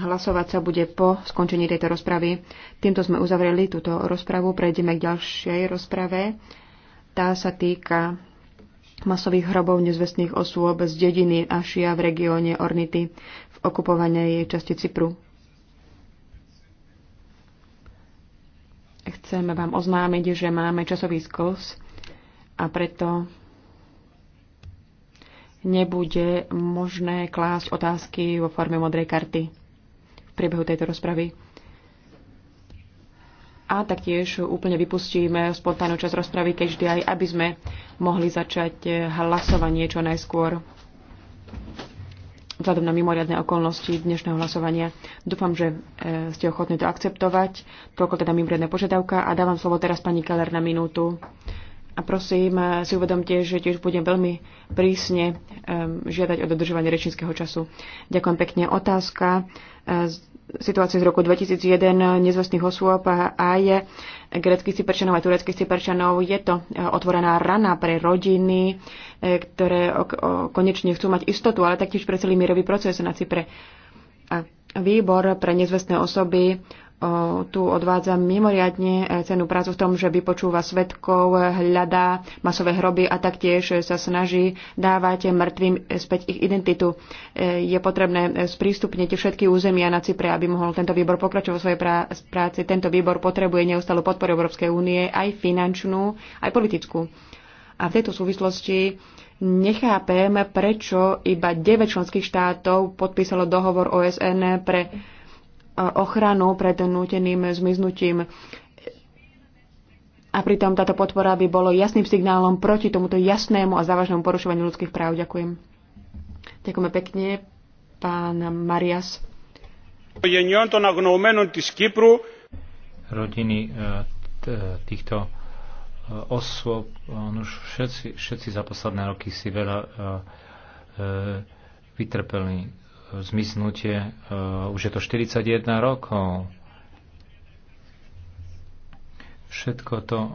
Hlasovať sa bude po skončení tejto rozpravy. Týmto sme uzavreli túto rozpravu. Prejdeme k ďalšej rozprave. Tá sa týka masových hrobov nezvestných osôb z dediny Ašia v regióne Ornity v okupovanej časti Cypru. Chcem vám oznámiť, že máme časový skos a preto nebude možné klásť otázky vo forme modrej karty priebehu tejto rozpravy. A taktiež úplne vypustíme spontánnu časť rozpravy, keďže aj aby sme mohli začať eh, hlasovanie čo najskôr vzhľadom na mimoriadne okolnosti dnešného hlasovania. Dúfam, že e, ste ochotní to akceptovať. Toľko teda mimoriadna požiadavka a dávam slovo teraz pani Keller na minútu. A prosím, eh, si uvedomte, že tiež budem veľmi prísne ehm, žiadať o dodržovanie rečníckého času. Ďakujem pekne. Otázka eh, situácie z roku 2001 eh, nezvestných osôb a aj greckých cyperčanov a tureckých cyperčanov. Je to otvorená rana pre rodiny, ktoré konečne chcú mať istotu, ale taktiež pre celý mierový proces na Cypre. A výbor pre nezvestné osoby tu odvádza mimoriadne e, cenú prácu v tom, že vypočúva svetkov, hľadá masové hroby a taktiež sa snaží dávať mŕtvým späť ich identitu. E, je potrebné sprístupniť všetky územia na Cypre, aby mohol tento výbor pokračovať vo svojej práci. Tento výbor potrebuje neustalú podporu Európskej únie, aj finančnú, aj politickú. A v tejto súvislosti nechápem, prečo iba 9 členských štátov podpísalo dohovor OSN pre ochranu pred núteným zmiznutím. A pritom táto podpora by bolo jasným signálom proti tomuto jasnému a závažnému porušovaniu ľudských práv. Ďakujem. Ďakujeme pekne, pán Marias. Rodiny eh, týchto eh, osôb, eh, už všetci, všetci za posledné roky si veľa vytrpeli zmiznutie, e, už je to 41 rokov. Všetko to e, e,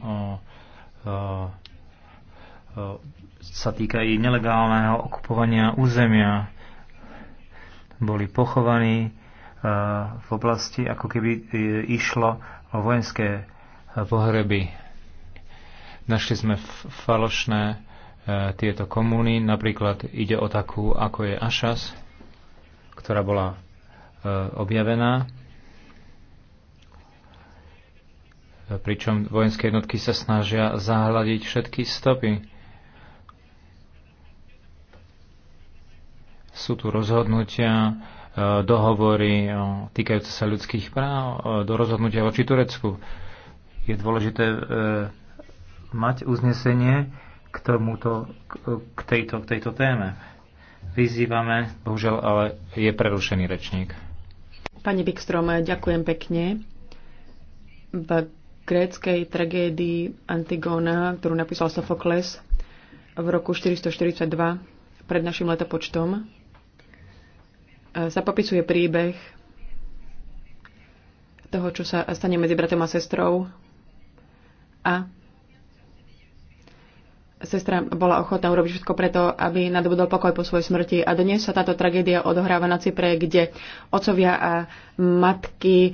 sa týka i nelegálneho okupovania územia. Boli pochovaní v oblasti, ako keby išlo o vojenské pohreby. Našli sme falošné tieto komúny, napríklad ide o takú, ako je Ašas, ktorá bola e, objavená. Pričom vojenské jednotky sa snažia zahľadiť všetky stopy. Sú tu rozhodnutia, e, dohovory e, týkajúce sa ľudských práv, do rozhodnutia voči Turecku. Je dôležité mať uznesenie k, tomuto, k, tejto, k tejto téme. Vyzývame, bohužiaľ, ale je prerušený rečník. Pani Bikstrom, ďakujem pekne. V gréckej tragédii Antigona, ktorú napísal Sofokles v roku 442 pred našim letopočtom, e, sa popisuje príbeh toho, čo sa stane medzi bratom a sestrou a sestra bola ochotná urobiť všetko preto, aby nadobudol pokoj po svojej smrti. A dnes sa táto tragédia odohráva na Cypre, kde ocovia a matky, e,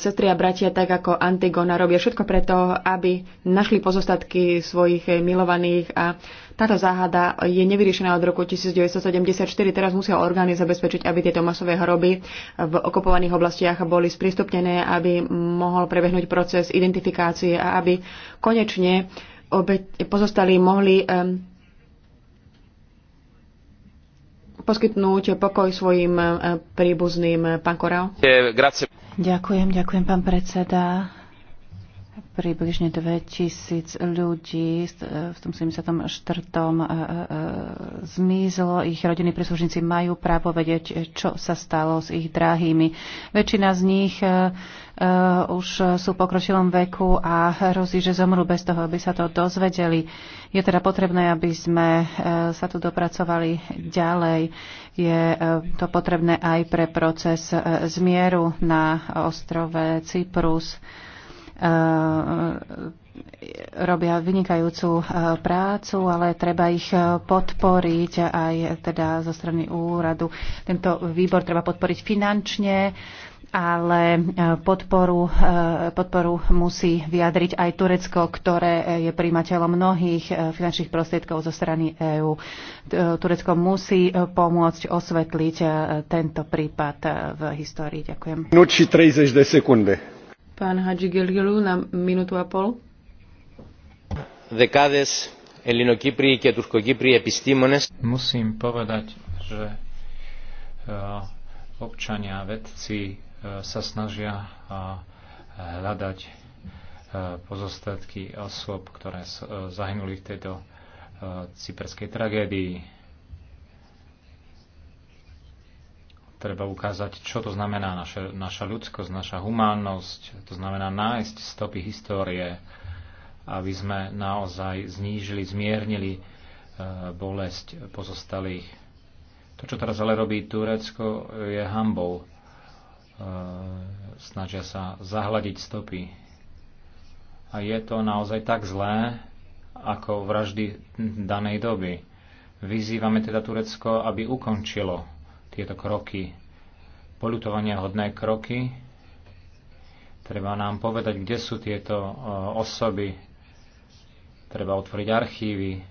sestry a bratia, tak ako Antigona, robia všetko preto, aby našli pozostatky svojich milovaných. A táto záhada je nevyriešená od roku 1974. Teraz musia orgány zabezpečiť, aby tieto masové hroby v okupovaných oblastiach boli sprístupnené, aby mohol prebehnúť proces identifikácie a aby konečne obeť pozostali mohli poskytnúť pokoj svojim príbuzným. Pán Korau. Ďakujem, ďakujem, pán predseda. Približne 2000 ľudí e, v tom 74. E, e, zmizlo. Ich rodiny príslušníci majú právo vedieť, čo sa stalo s ich drahými. Väčšina z nich už sú v pokročilom veku a hrozí, že zomru bez toho, aby sa to dozvedeli. Je teda potrebné, aby sme sa tu dopracovali ďalej. Je to potrebné aj pre proces zmieru na ostrove Cyprus. E, robia vynikajúcu e, prácu, ale treba ich e, podporiť aj teda zo strany úradu. Tento výbor treba podporiť finančne, ale podporu, podporu musí vyjadriť aj Turecko, ktoré je príjimateľom mnohých finančných prostriedkov zo strany EÚ. Turecko musí pomôcť osvetliť tento prípad v histórii. Ďakujem. Noči 30 sekundy. Pán Hadži Gilgilu na minútu a pol. Dekades Elinokyprii a Turkokyprii epistímones. Musím povedať, že eh, občania, vedci eh, sa snažia eh, hľadať pozostatky osôb, ktoré zahynuli v tejto cyperskej tragédii Treba ukázať, čo to znamená naša, naša ľudskosť, naša humánnosť. To znamená nájsť stopy histórie, aby sme naozaj znížili, zmiernili e, bolesť pozostalých. To, čo teraz ale robí Turecko, je hambou. E, snažia sa zahladiť stopy. A je to naozaj tak zlé, ako vraždy danej doby. Vyzývame teda Turecko, aby ukončilo tieto kroky. Polutovania hodné kroky. Treba nám povedať, kde sú tieto e, osoby. Treba otvoriť archívy,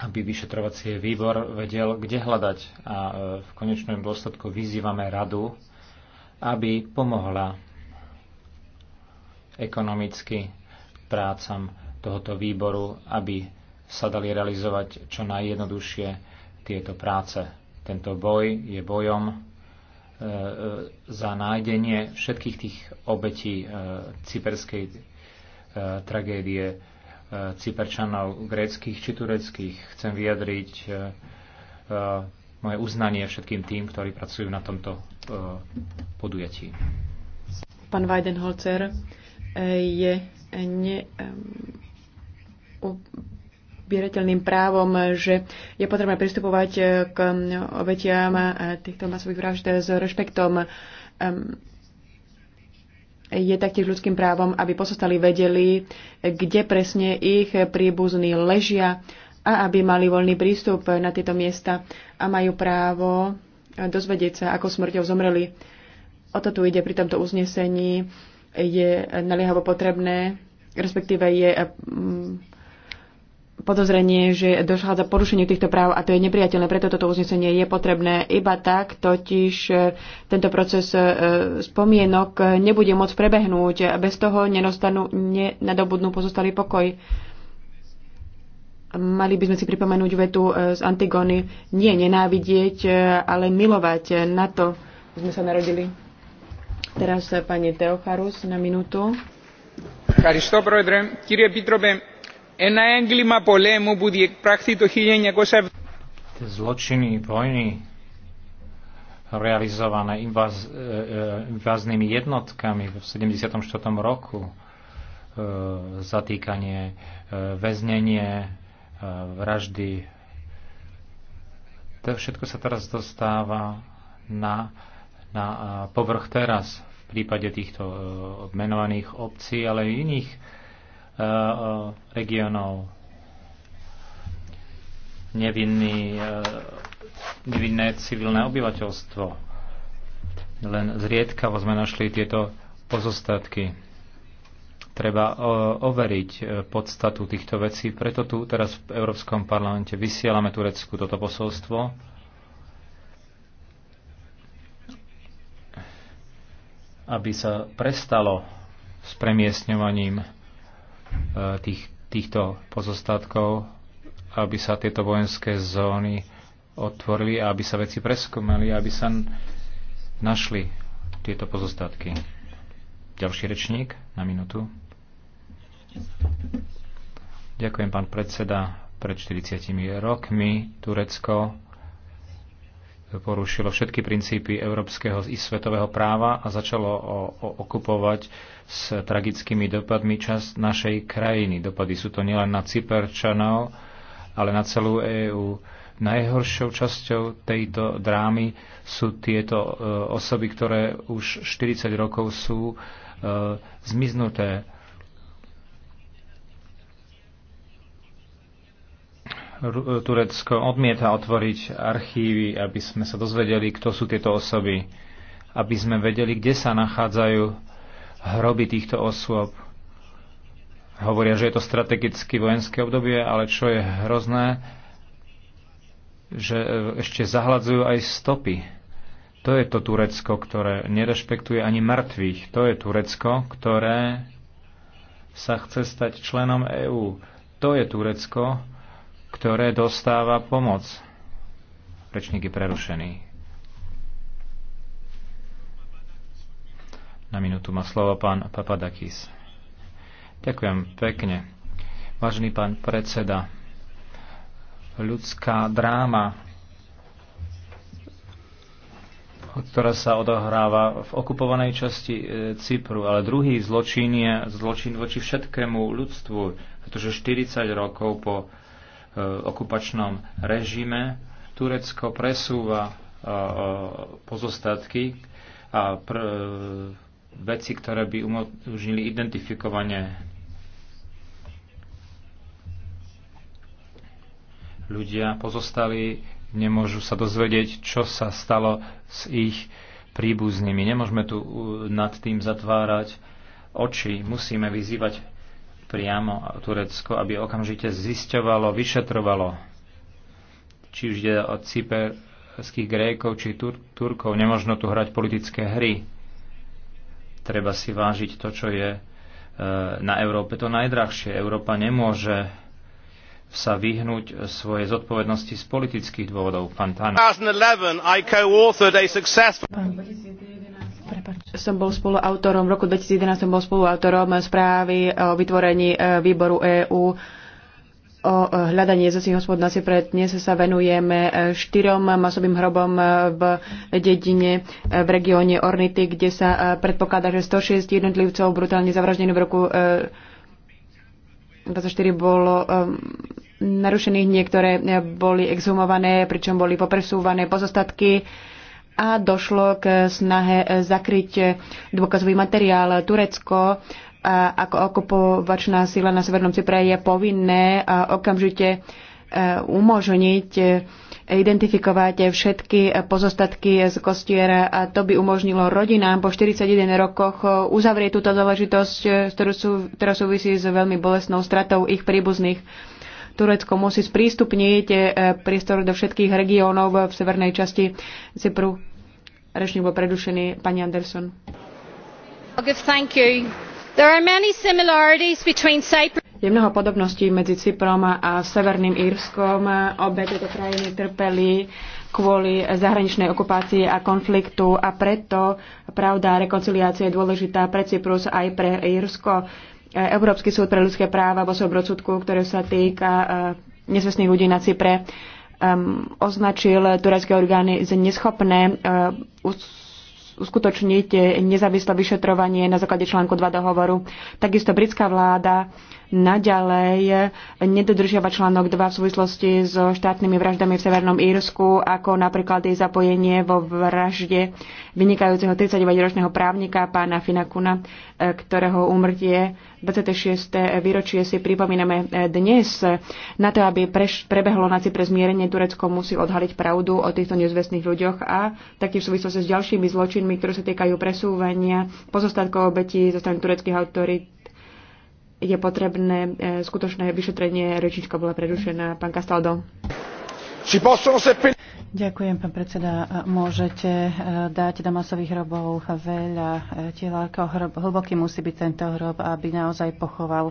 aby vyšetrovacie výbor vedel, kde hľadať. A e, v konečnom dôsledku vyzývame radu, aby pomohla ekonomicky prácam tohoto výboru, aby sa dali realizovať čo najjednoduchšie tieto práce. Tento boj je bojom e, e, za nájdenie všetkých tých obetí e, cyperskej tragédie Cyperčanov, gréckých či tureckých. Chcem vyjadriť moje uznanie všetkým tým, ktorí pracujú na tomto podujatí. Pán Weidenholzer je ne, zbierateľným právom, že je potrebné pristupovať eh, k mm, obetiam eh, týchto masových vražd s rešpektom. Ehm, je taktiež ľudským právom, aby posostali vedeli, kde presne ich príbuzní ležia a aby mali voľný prístup na tieto miesta a majú právo dozvedieť sa, ako smrťou zomreli. O to tu ide pri tomto uznesení. Je naliehavo potrebné, respektíve je mm, podozrenie, že dochádza porušeniu týchto práv a to je nepriateľné, preto toto uznesenie je potrebné. Iba tak totiž e, tento proces e, spomienok nebude môcť prebehnúť a bez toho nenostanú, nenadobudnú pozostalý pokoj. Mali by sme si pripomenúť vetu e, z Antigony, nie nenávidieť, ale milovať. Na to sme sa narodili. Teraz pani Teocharus na minútu. Ευχαριστώ, Πρόεδρε. Κύριε Ένα έγκλημα πολέμου που διεκπράχθη το 1970. Zločiny vojny realizované invaz, e, e, invaznými jednotkami v 74. roku, e, zatýkanie, väznenie, vraždy. To všetko sa teraz dostáva na, na povrch teraz v prípade týchto menovaných obcí, ale i iných E, regionov. Nevinný, e, nevinné civilné obyvateľstvo. Len zriedkavo sme našli tieto pozostatky. Treba e, overiť podstatu týchto vecí, preto tu teraz v Európskom parlamente vysielame Turecku toto posolstvo. aby sa prestalo s premiesňovaním Eh, tých, týchto pozostatkov, aby sa tieto vojenské zóny otvorili a aby sa veci preskúmali, aby sa našli tieto pozostatky. Ďalší rečník na minútu. Ďakujem, pán predseda. Pred 40 rokmi Turecko porušilo všetky princípy európskeho i svetového práva a začalo o, o, okupovať s tragickými dopadmi časť našej krajiny. Dopady sú to nielen na Cyperčanov, ale na celú EÚ. Najhoršou časťou tejto drámy sú tieto e, osoby, ktoré už 40 rokov sú e, zmiznuté Turecko odmieta otvoriť archívy, aby sme sa dozvedeli, kto sú tieto osoby, aby sme vedeli, kde sa nachádzajú hroby týchto osôb. Hovoria, že je to strategicky vojenské obdobie, ale čo je hrozné, že e, ešte zahladzujú aj stopy. To je to Turecko, ktoré nerešpektuje ani mŕtvych. To je Turecko, ktoré sa chce stať členom EÚ. To je Turecko, ktoré dostáva pomoc. Rečník je prerušený. Na minútu má slovo pán Papadakis. Ďakujem pekne. Vážený pán predseda, ľudská dráma, ktorá sa odohráva v okupovanej časti e, Cypru, ale druhý zločin je zločin voči všetkému ľudstvu, pretože 40 rokov po Eh, okupačnom režime. Turecko presúva eh, pozostatky a pr- eh, veci, ktoré by umožnili identifikovanie ľudia pozostali, nemôžu sa dozvedieť, čo sa stalo s ich príbuznými. Nemôžeme tu nad tým zatvárať oči, musíme vyzývať priamo Turecko, aby okamžite zisťovalo, vyšetrovalo, či už ide od cyperských Grékov či Tur- Turkov. Nemožno tu hrať politické hry. Treba si vážiť to, čo je e, na Európe to najdrahšie. Európa nemôže sa vyhnúť svojej zodpovednosti z politických dôvodov. Pán Tano. Pán Prepač. Som bol spoluautorom, v roku 2011 som bol spoluautorom správy o vytvorení e, výboru EÚ o e, hľadanie zesných hospod na Cypre. Dnes sa venujeme e, štyrom masovým hrobom v dedine v regióne Ornity, kde sa predpokladá, že 106 jednotlivcov brutálne zavraždených v roku 24 bolo narušených, niektoré boli exhumované, pričom boli popresúvané pozostatky a došlo k snahe e, zakryť e, dôkazový materiál. Turecko e, ako okupovačná sila na Severnom Cypre je povinné a okamžite umožniť identifikovať všetky pozostatky z kostiera a to by umožnilo rodinám po 41 rokoch uzavrieť túto záležitosť, ktorá súvisí s veľmi bolestnou stratou ich príbuzných. Turecko musí sprístupniť e, priestor do všetkých regiónov v severnej časti Cypru. Rečník bol predušený pani Anderson. Je mnoho podobností medzi Cyprom a Severným Írskom. Obe tieto krajiny trpeli kvôli zahraničnej okupácii a konfliktu a preto pravda rekonciliácia je dôležitá pre Cyprus aj pre Írsko. E, Európsky súd pre ľudské práva vo svojom rozsudku, ktoré sa týka e, nezvestných ľudí na Cypre, e, označil turecké orgány za neschopné uskutočniť nezávislé vyšetrovanie na základe článku 2 dohovoru. Takisto britská vláda naďalej nedodržiava článok 2 v súvislosti so štátnymi vraždami v Severnom Írsku, ako napríklad jej zapojenie vo vražde vynikajúceho 39-ročného právnika pána Finakuna, e, ktorého úmrtie 26. výročie si pripomíname e, dnes. Na to, aby preš- prebehlo na Cypre zmierenie, Turecko musí odhaliť pravdu o týchto nezvestných ľuďoch a taktiež v súvislosti s ďalšími zločinmi, ktoré sa týkajú presúvania pozostatkov obetí zo strany tureckých autorít je potrebné e, skutočné vyšetrenie. Rečička bola prerušená. Pán Castaldo. Ďakujem, pán predseda. Môžete e, dať Damasových hrobov veľa e, tela. Hlboký musí byť tento hrob, aby naozaj pochoval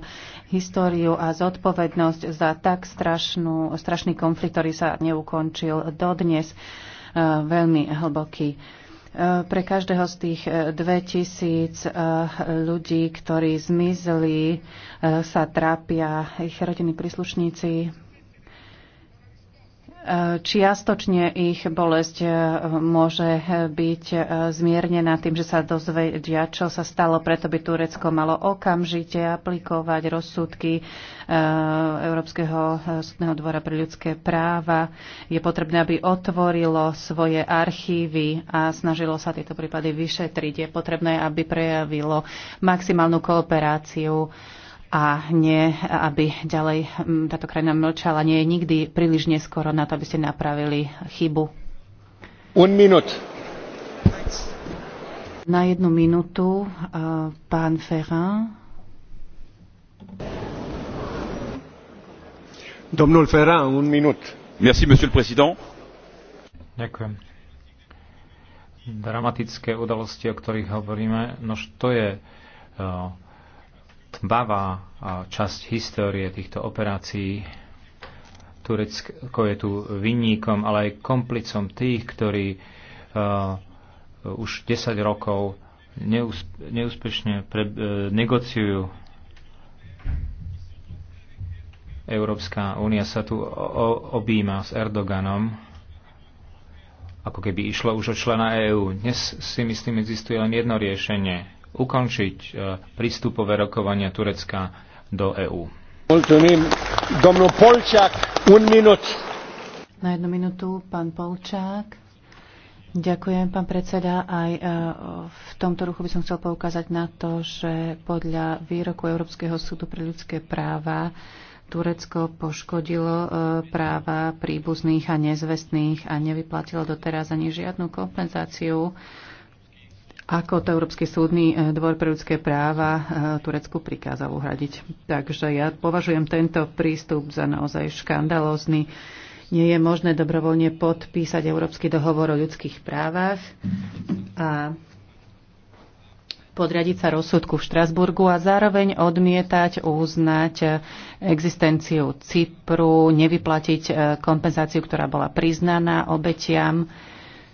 históriu a zodpovednosť za tak strašnú, strašný konflikt, ktorý sa neukončil dodnes. Veľmi hlboký. Eh, pre každého z tých 2000 eh, eh, ľudí, ktorí zmizli, sa trápia ich rodiny príslušníci, Čiastočne ich bolesť eh, môže eh, byť eh, zmiernená tým, že sa dozvedia, čo sa stalo, preto by Turecko malo okamžite aplikovať rozsudky Európskeho súdneho dvora pre ľudské práva. Je potrebné, aby otvorilo svoje archívy a snažilo sa tieto prípady vyšetriť. Je potrebné, aby prejavilo maximálnu kooperáciu a nie, aby ďalej táto krajina mlčala. Nie je nikdy príliš neskoro na to, aby ste napravili chybu. Un minút. Na jednu minútu uh, pán Ferrand. Domnul Ferrand, un minút. Merci, monsieur le président. Ďakujem dramatické udalosti, o ktorých hovoríme, nož to je uh, tmavá časť histórie týchto operácií. Turecko je tu vinníkom, ale aj komplicom tých, ktorí uh, už 10 rokov neúspe- neúspešne pre- uh, negociujú. Európska únia sa tu obíma s Erdoganom, ako keby išlo už o člena EÚ. Dnes si myslím, existuje len jedno riešenie ukončiť e, prístupové rokovania Turecka do EÚ. Na jednu minútu pán Polčák. Ďakujem, pán predseda. Aj e, v tomto ruchu by som chcel poukázať na to, že podľa výroku Európskeho súdu pre ľudské práva Turecko poškodilo e, práva príbuzných a nezvestných a nevyplatilo doteraz ani žiadnu kompenzáciu ako to Európsky súdny e, dvor pre ľudské práva e, Turecku prikázal uhradiť. Takže ja považujem tento prístup za naozaj škandalózny. Nie je možné dobrovoľne podpísať Európsky dohovor o ľudských právach a podriadiť sa rozsudku v Štrasburgu a zároveň odmietať uznať existenciu Cypru, nevyplatiť e, kompenzáciu, ktorá bola priznaná obetiam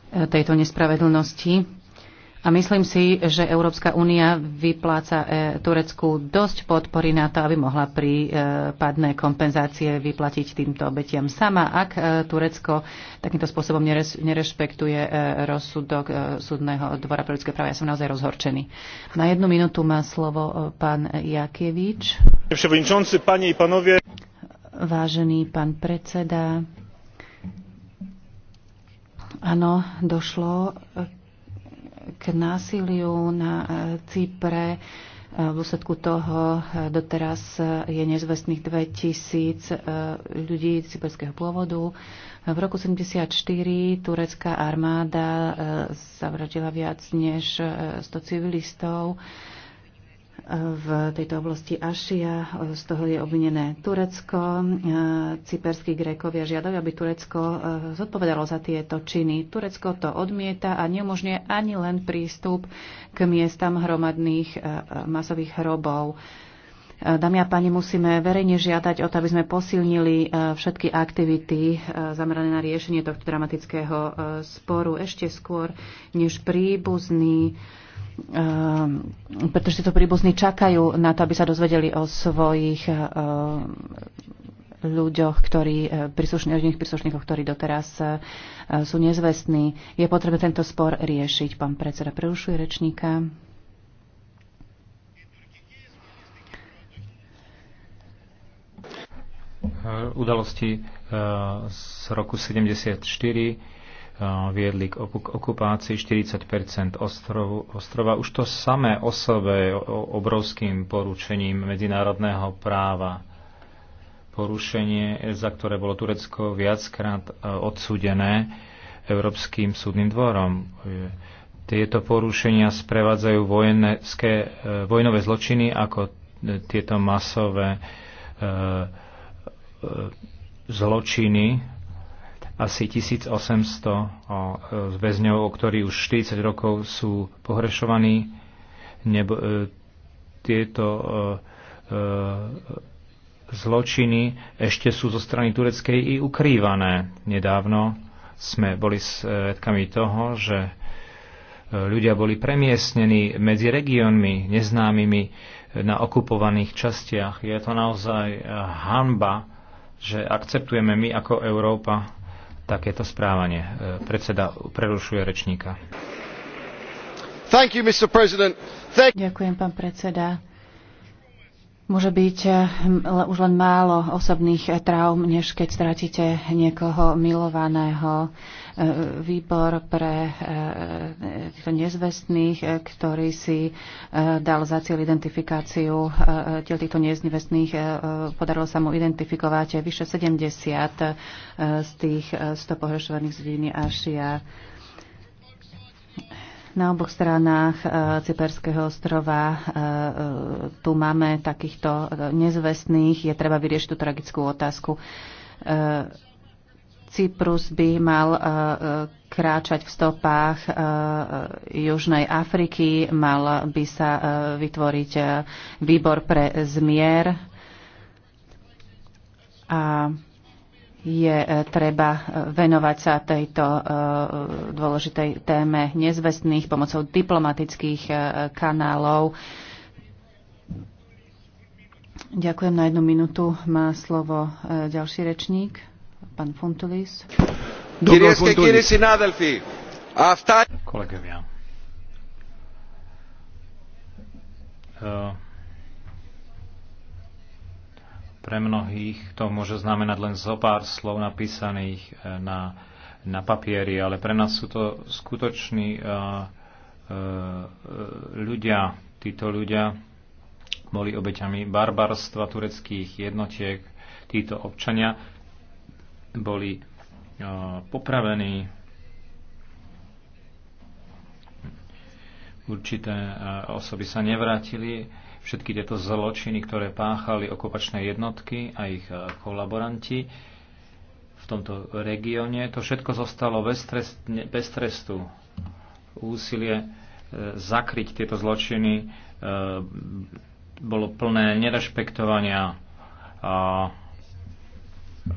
tejto nespravedlnosti. A myslím si, že Európska únia vypláca e, Turecku dosť podpory na to, aby mohla prípadné kompenzácie vyplatiť týmto obetiam sama, ak e, Turecko takýmto spôsobom nerešpektuje e, rozsudok súdneho dvora pre ľudské práva. Ja som naozaj rozhorčený. Na jednu minútu má slovo pán Jakievič. Vážený pán predseda, Áno, došlo k násiliu na e, Cypre. E, v úsledku toho e, doteraz je nezvestných 2000 ľudí cyperského pôvodu. V roku 1974 turecká armáda zavraždila viac než 100 civilistov v tejto oblasti Ašia. Z toho je obvinené Turecko. Cyperskí Grékovia žiadajú, aby Turecko e, zodpovedalo za tieto činy. Turecko to odmieta a neumožňuje ani len prístup k miestam hromadných e, masových hrobov. E, dámy a páni, musíme verejne žiadať o to, aby sme posilnili všetky aktivity zamerané na riešenie tohto dramatického sporu ešte skôr, než príbuzný Ehm, pretože tieto príbuzní čakajú na to, aby sa dozvedeli o svojich ehm, ľuďoch, ktorí, e, príslušní, o nich príslušníkoch, ktorí doteraz e, sú nezvestní. Je potrebné tento spor riešiť. Pán predseda prerušuje rečníka. Udalosti e, z roku 74 viedli k okupácii 40 ostrovu, ostrova. Už to samé o sebe je obrovským poručením medzinárodného práva. Porušenie, za ktoré bolo Turecko viackrát e, odsúdené Európskym súdnym dvorom. E, tieto porušenia sprevádzajú vojenské, e, vojnové zločiny ako tieto masové zločiny asi 1800 e, väzňov, ktorí už 40 rokov sú pohrešovaní. Nebo, e, tieto e, zločiny ešte sú zo strany tureckej i ukrývané. Nedávno sme boli svetkami toho, že ľudia boli premiestnení medzi regiónmi neznámymi na okupovaných častiach. Je to naozaj hanba, že akceptujeme my ako Európa takéto správanie. E, predseda prerušuje rečníka. You, Ďakujem, pán predseda. Môže byť eh, už len málo osobných eh, traum, než keď stratíte niekoho milovaného. Eh, výbor pre týchto nezvestných, ktorý si dal za cieľ identifikáciu týchto nezvestných, podarilo sa mu identifikovať vyše 70 z tých 100 pohrešovaných z Diny Ašia. Na oboch stranách e, Cyperského ostrova e, e, tu máme takýchto nezvestných. Je treba vyriešiť tú tragickú otázku. Cyprus by mal kráčať v stopách Južnej Afriky, mal by sa vytvoriť výbor pre zmier a je e, treba e, venovať sa tejto e, dôležitej téme nezvestných pomocou diplomatických kanálov. Ďakujem na jednu minútu. Má slovo ďalší rečník, pán Funtulis. Kolegovia, pre mnohých to môže znamenať len zo pár slov napísaných eh, na, na papieri, ale pre nás sú to skutoční uh, uh, ľudia. Títo ľudia boli obeťami barbarstva tureckých jednotiek. Títo občania boli uh, popravení, určité osoby sa nevrátili Všetky tieto zločiny, ktoré páchali okupačné jednotky a ich e, kolaboranti v tomto regióne, to všetko zostalo bez, trest, bez trestu. Úsilie e, zakryť tieto zločiny e, bolo plné nerešpektovania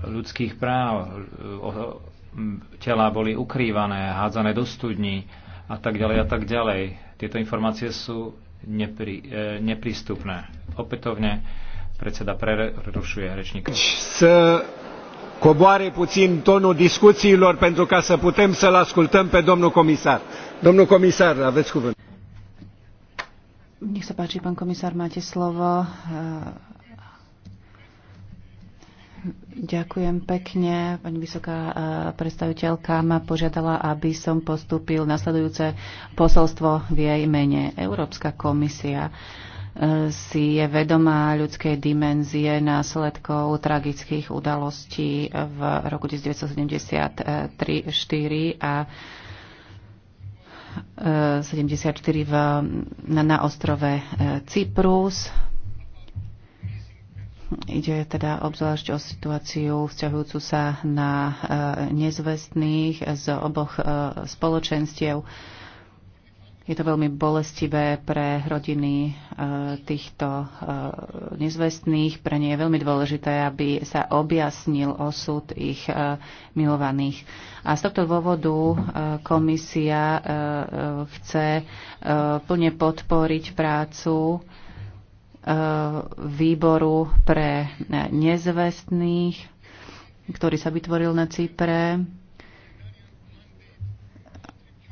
ľudských práv, tela boli ukrývané, hádzané do studní a tak ďalej a tak ďalej. Tieto informácie sú nepri, e, neprístupné. Opätovne predseda prerušuje rečníka. Să coboare puțin tonul discuțiilor pentru ca să putem să-l ascultăm pe domnul comisar. Domnul comisar, aveți cuvânt. Nech sa páči, pán komisár, máte slovo. Ďakujem pekne. Pani vysoká eh, predstaviteľka ma požiadala, aby som postúpil nasledujúce posolstvo v jej mene. Európska komisia eh, si je vedomá ľudskej dimenzie následkov tragických udalostí v roku 1973-4 a 74 eh, v, na, na ostrove Cyprus Ide teda obzvlášť o situáciu vzťahujúcu sa na e, nezvestných z oboch e, spoločenstiev. Je to veľmi bolestivé pre rodiny e, týchto nezvestných. Pre ne je veľmi dôležité, aby sa objasnil osud ich milovaných. A z tohto dôvodu komisia chce plne podporiť prácu výboru pre nezvestných, ktorý sa vytvoril na Cypre.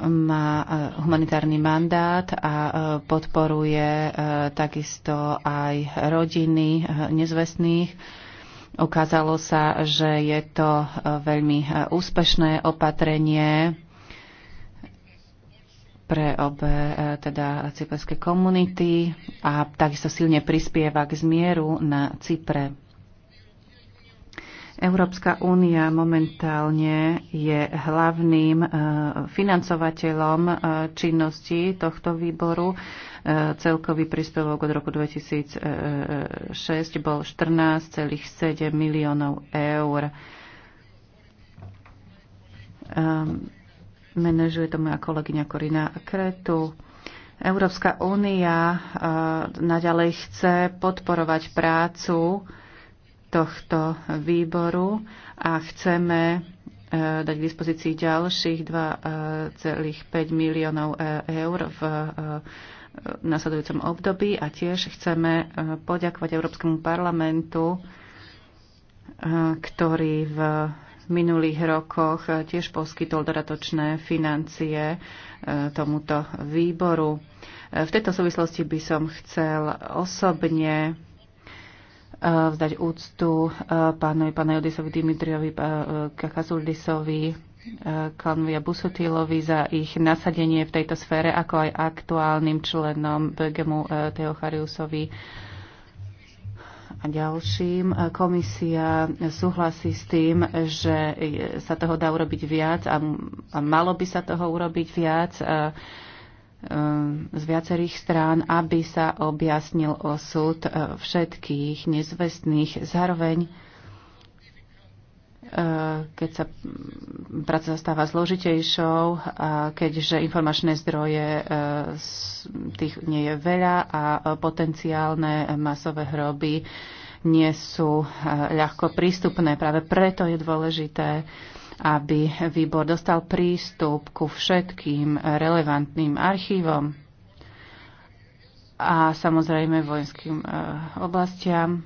Má e, humanitárny mandát a e, podporuje e, takisto aj rodiny nezvestných. Ukázalo sa, že je to veľmi úspešné opatrenie pre obe e, teda cyperské komunity a takisto silne prispieva k zmieru na Cypre. Európska únia momentálne je hlavným e, financovateľom e, činnosti tohto výboru. Celkový príspevok od roku 2006 bol 14,7 miliónov eur. Ehm, Menežuje to moja kolegyňa Korina Kretu. Európska únia e, naďalej chce podporovať prácu tohto výboru a chceme e, dať k dispozícii ďalších 2,5 e, miliónov eur v nasledujúcom období a tiež chceme poďakovať Európskemu parlamentu, ktorý v minulých rokoch tiež poskytol dodatočné financie e, tomuto výboru. E, v tejto súvislosti by som chcel osobne e, vzdať úctu pánovi, pána Jodisovi Dimitriovi, Kakazulisovi, Kalnovi a Busutilovi za ich nasadenie v tejto sfére, ako aj aktuálnym členom Begemu Teochariusovi, a ďalším. E, komisia súhlasí s tým, že sa toho dá urobiť viac a, a malo by sa toho urobiť viac e, e, z viacerých strán, aby sa objasnil osud všetkých nezvestných. Zároveň Eh, keď sa práca stáva zložitejšou, eh, keďže informačné zdroje eh, tých nie je veľa a potenciálne masové hroby nie sú ľahko prístupné. Práve preto je dôležité, aby výbor dostal prístup ku všetkým relevantným archívom a samozrejme vojenským oblastiam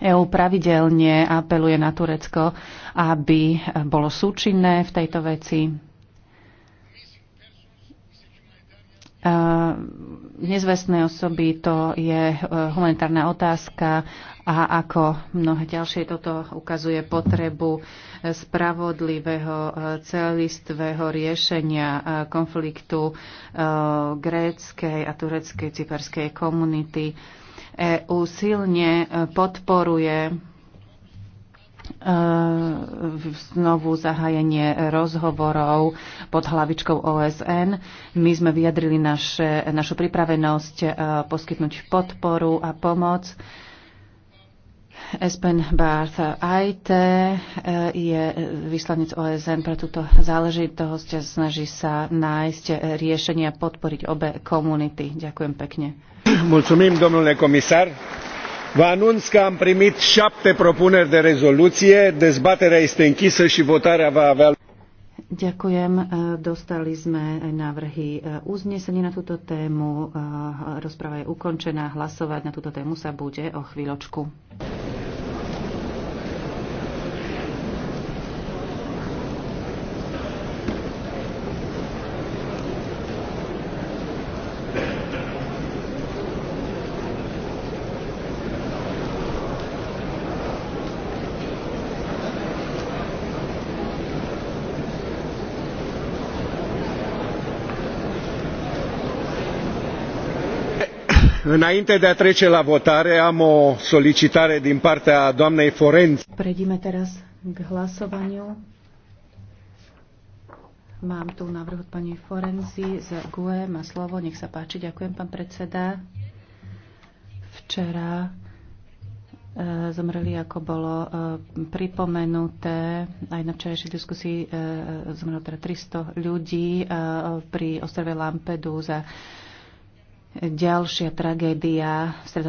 EÚ pravidelne apeluje na Turecko, aby bolo súčinné v tejto veci. Nezvestné osoby to je e, humanitárna otázka a ako mnohé ďalšie toto ukazuje potrebu spravodlivého e, celistvého riešenia e, konfliktu gréckej a tureckej cyperskej komunity EÚ silne e, podporuje e, znovu zahájenie rozhovorov pod hlavičkou OSN. My sme vyjadrili naše, našu pripravenosť e, poskytnúť podporu a pomoc Espen Barth IT e, je vyslanec OSN pre túto záležitosť. a Snaží sa nájsť riešenia podporiť obe komunity. Ďakujem pekne. Mulțumim, domnule komisar. Vă anunț că am primit șapte propuneri de rezoluție. Dezbaterea este închisă și votarea va avea Ďakujem. E, dostali sme návrhy e, uznesenia na túto tému. E, rozpráva je ukončená. Hlasovať na túto tému sa bude o chvíľočku. înainte de a trece la votare am o solicitare din partea doamnei forenz. prejdime teraz k hlasovaniu. Mám tu návrh od pani Forenzi z GUE. Má slovo, nech sa páči. Ďakujem, pán predseda. Včera e, zomreli, ako bolo e, pripomenuté. Aj na včerajšej diskusii e, zomrelo teda 300 ľudí pri ostrove Lampedusa ďalšia tragédia